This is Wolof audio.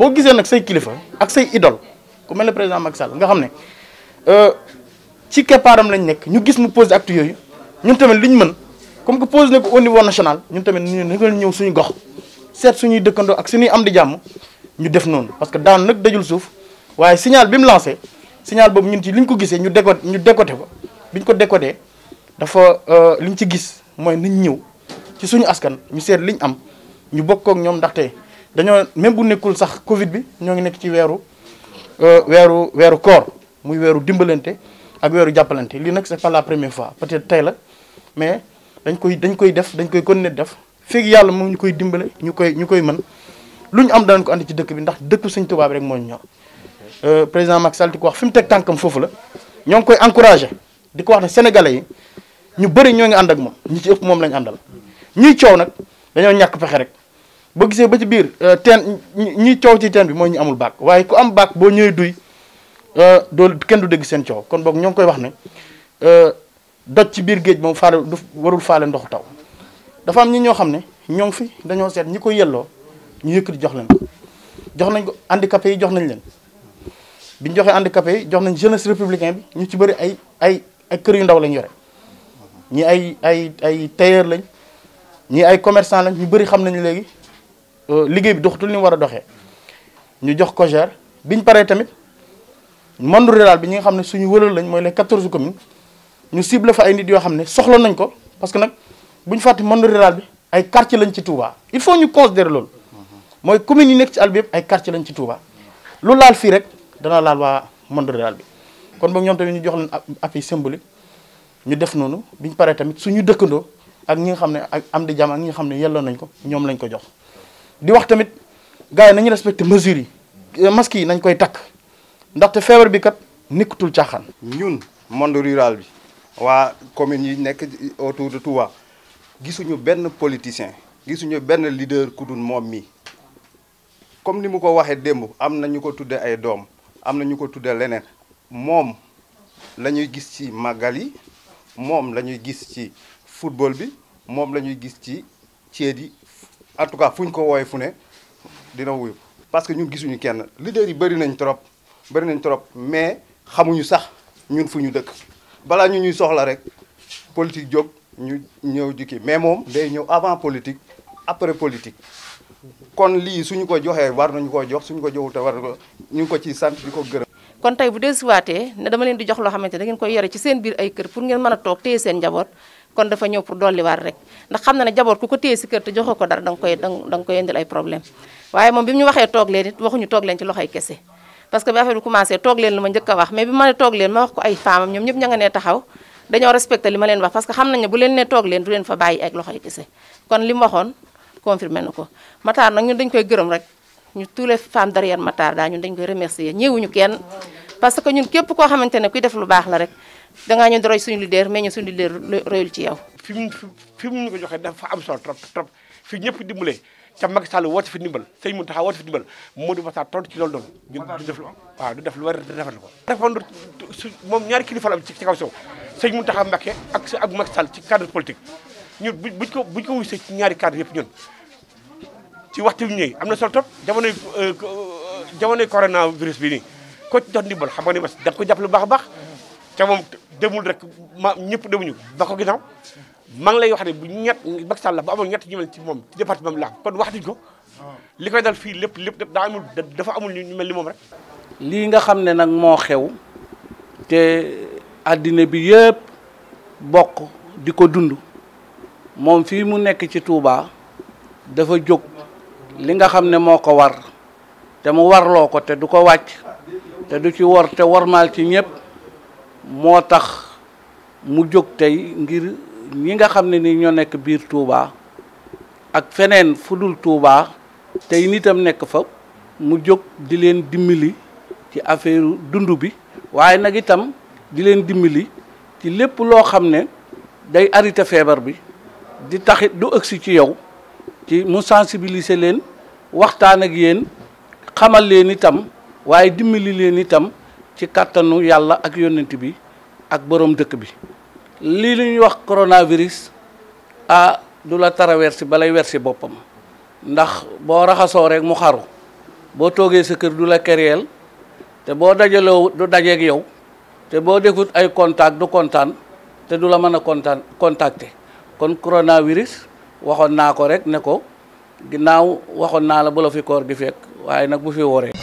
boo gisee nag say kilifa ak say idole ku mel ne président Macky Sall nga xam ne euh, ci keppaaram lañ nekk ñu gis mu posé acte yooyu ñun tamit li ñu mën comme que posé na ko niveau national ñun tamit ñu ne ñëw suñu gox seet suñuy dëkkandoo ak suñuy am di jàmm ñu def noonu parce que daan nag dajul suuf waaye signal bi mu lancé signal boobu ñun ci liñ ko gisee ñu décoté ñu décoté ko biñ ko décoté dafa euh, liñ ci gis mooy nañ ñëw ci suñu askan ñu seet liñ am ñu bokk ak ñoom ndaxte. dañoo même bu nekkul sax Covid bi ñoo ngi nekk ci weeru euh, weeru weeru koor muy weeru dimbalante ak weeru jàppalante lii nag c'est pas la première fois peut-être tey la mais dañ koy dañ koy def dañ koy continuer def feeg yàlla moom ñu koy dimbale ñu koy ñu koy mën lu ñu am danañ ko andi ci dëkk bi ndax dëkku Sëñ Tuubaa rek mooy ñu ñor euh, président Macky Sall wax fi mu teg tànkam foofu la ñoo ngi koy encouragé di ko wax ne sénégalais yi ñu bëri ñoo ngi ànd ak moom ñi ci ëpp moom lañu àndal ñuy coow nag dañoo ñàkk pexe rek. boo gisee ba ci biir euh, teen ñi coow ci teen bi mooy ñu amul baak waaye ku am baak boo ñëwee duy euh, doo kenn du dégg seen coow kon boog ñoo koy wax ne euh, doj ci biir géej moom faale du warul faale ndox taw dafa am ñi ñoo xam ne ñoo ngi fi dañoo seet ñi koy yelloo ñu yëkk di jox leen jox nañ ko handicapé yi jox nañ leen bi ñu joxee handicapé yi jox nañ jeunesse républicain bi ñu ci bëri ay ay ay kër yu ndaw lañ yore ñi ay ay ay tailleur lañ ñi ay commerçant lañ ñu bëri xam nañ léegi Euh, liggéey bi doxatul ni mu war a doxee ñu jox ko gère biñ paree tamit monde rural bi ñi nga xam ne suñu wëral lañ mooy les quatorze communes ñu cible fa ay nit yoo xam ne soxla nañ ko parce que nag bu ñu fàtte monde rural bi ay quartier lañ ci Touba il faut ñu considérer loolu mooy communes yi nekk ci àll bi ay quartier lañ ci Touba lu laal fii rek dana laal waa monde rural bi kon boog ñoom tamit ñu jox leen appui symbolique ñu def noonu biñ paree tamit suñu dëkkandoo ak ñi nga xam ne ak am di jàmm ak xam ne yelloo nañ ko ñoom lañ ko jox di wax tamit gars yi nañu respecté mesures yi eh, masques yi nañ koy takk ndaxte feebar bi kat nekkatul caaxaan. ñun monde rural bi waa communes yi nekk autour de Touba gisuñu benn politicien gisuñu benn leader ku moom mi comme ni mu ko waxee démb am na ñu ko tuddee ay doom am na ñu ko tuddee leneen moom la ñuy gis ci màggal yi moom la ñuy gis ci football bi moom la ñuy gis ci ceet yi en tout cas fu ñu ko wooyee fu ne dina wuyu parce que ñun gisuñu kenn leader yi bëri nañ trop bëri nañ trop mais xamuñu sax ñun fu ñu dëkk balaa ñu ñuy soxla rek politique jóg ñu ñëw jikki mais moom day ñëw avant politique après politique kon lii ñu ko joxee war nañu koo jox suñu ko joxul te war ko ñu ngi ko ci sant di ko gërëm. kon tey bu dee si waatee ne dama leen di jox loo xamante ne da ngeen koy yore ci seen biir ay kër pour ngeen mën a toog téye seen njaboot. kon dafa ñëw pour dolliwaat rek ndax xam na ne jaboot ku ko téye si kër te joxoo ko dara danga koy danga koy problème waaye moom bi ñu waxee toog leen waxuñu toog leen ci loxoy kese parce que bi affaire bi commencé toog leen la ma njëkk a wax mais bi ma ne toog leen ma wax ko ay femmes ñoom ñëpp ña nga taxaw dañoo respecté li leen wax parce que xam nañ ne bu leen toog leen fa bàyyi ak loxoy kese kon li waxoon confirmé na ko Matar nag ñu dañ koy dangaa ñëw di roy suñu leader mais royul ci yow. fi mu fi mu ñu ko am solo trop trop fi ñëpp dimbalee ca Macky Sall woote fi ndimbal fi ndimbal Modou Massa tontu ci loolu doon ñun du def lu waaw du def lu war moom ñaari kilifa am ci kaw sow sëñ mu Mbacké ak sa ak Macky Sall ci cadre politique ñun bu buñ ko buñ ko wuysee ñaari cadre yëpp ñun ci waxtu bi am na solo trop jamonoy euh, jamonoy coronavirus bi nii ko ci jox ndimbal xam nga ni mas da nga ko jàpp lu baax a baax demul rek ma ñëpp demuñu ba ko ginnaaw maa lay wax ne bu ñett Macky bu amoon ñett ñu mel ci moom ci département bi kon wax nañ ko li koy dal fii lépp lépp daa amul dafa amul ñu mel ni moom rek. lii nga xam ne nag moo xew te addina bi yëpp bokk di ko dund moom fii mu nekk ci Touba dafa jóg li nga xam ne moo ko war te mu warloo ko te du ko wàcc te du ci war te warmaal ci ñëpp. moo tax mu jóg tey ngir ñi nga xam ne ni ñoo nekk biir Touba ak feneen fu dul tuubaax tey nitam nekk fa mu jóg di leen dimbali ci affaire dund bi waaye nag itam di leen dimbali ci lépp loo xam ne day arrêté feebar bi di taxit du ëgsi ci yow ci mu sensibiliser leen waxtaan ak yéen xamal leen itam waaye dimbali leen itam ci katanu yalla ak yonent bi ak borom dekk bi li lu wax coronavirus a du la traverser balay wersi bopam ndax bo raxaso rek mu xaru bo toge sa keur du la kereel te bo dajelo du ak yow te bo defut ay contact du contane te du la mëna contane kon coronavirus waxon nako rek ne ko ginnaaw waxon na la bu la fi koor gi fek waye nak bu fi woré